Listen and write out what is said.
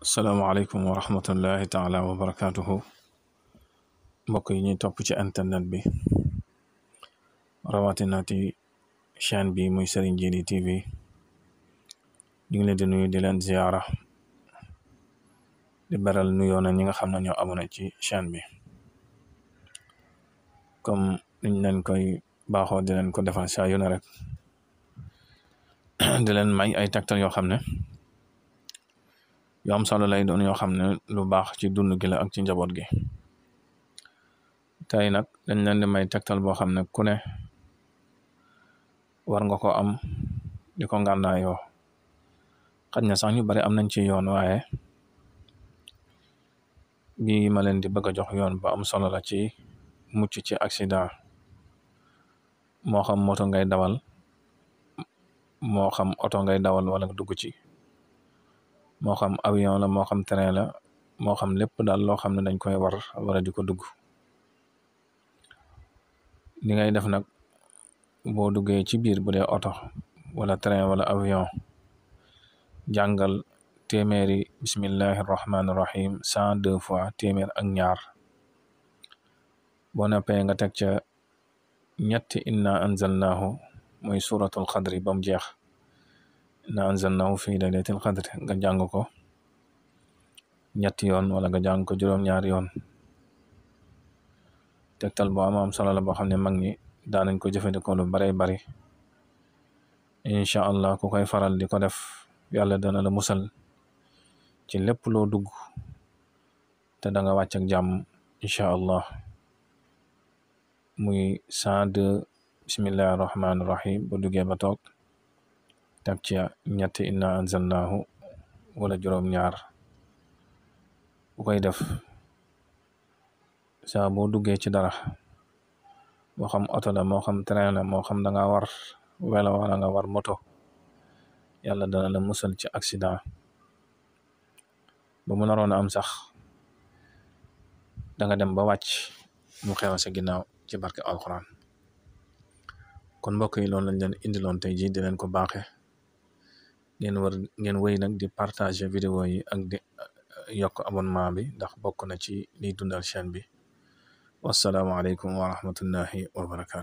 salaamaaleykum wa rahmatullahi taala wa barakaatuhu mbokk yi ñuy topp ci internet bi rawatina ci chaîne bi muy Serigne Djily TV ñu ngi leen di nuyu di leen ziyaara di beral nuyoo na ñi nga xam ne ñoo abonné ci chaîne bi comme niñ leen koy baaxoo di leen ko defal saa yu ne rek di leen may ay tegtal yoo xam ne yu am solo lay doon yoo xam ne lu baax ci dund gila la ci njaboot gi tey nag dañ leen may tegtal boo xam ne ku ne war nga ko am di ko ngànnaayoo xaj na sax ñu bari am nañ ci yoon waaye bi ma leen di bëgg a jox yoon ba am solo la ci mucc ci accident moo xam moto ngay dawal moo xam oto ngay dawal wala dugg ci moo xam avion la moo xam train la moo xam lépp daal loo xam ne dañ koy war wara di ko dugg li ngay def nag boo duggee ci biir bu dee oto wala train wala avion jàngal téeméeri bismillahi rahmaani rahim cent deux fois téeméer ak ñaar boo noppee nga teg ca ñetti inna anzalnaahu mooy suratul xadri ba mu jeex inna anzalnaahu fi laylatil qadr nga jàng ko ñetti yoon wala nga jàng ko juróom-ñaari yoon tegtal boo am am solo la boo xam ne mag ñi daan nañ ko jëfandikoo lu baree bari incha allah ku koy faral di ko def yàlla dana la musal ci lépp loo dugg te danga nga wàcc ak jàmm incha allah muy cent deux bismillahi rahmaani rahim bu duggee ba toog teg ci ñetti inna anzalnaahu wala juróom-ñaar bu koy def saa boo duggee ci dara moo xam oto la moo xam train la moo xam da nga war welo wala nga war moto yàlla dana la musal ci accident ba mu naroon a am sax danga dem ba wàcc mu xew sa ginnaaw ci barke alxuraan kon mbokk yi loolu lañ leen indiloon tey jii di leen ko baaxe ngeen war ngeen wéy nag di partager vidéo yi ak di eh, yokk abonnement bi ndax bokk na ci liy dundal chaîne bi wasalaamaaleykum wa rahmatullahi wa barakaatu.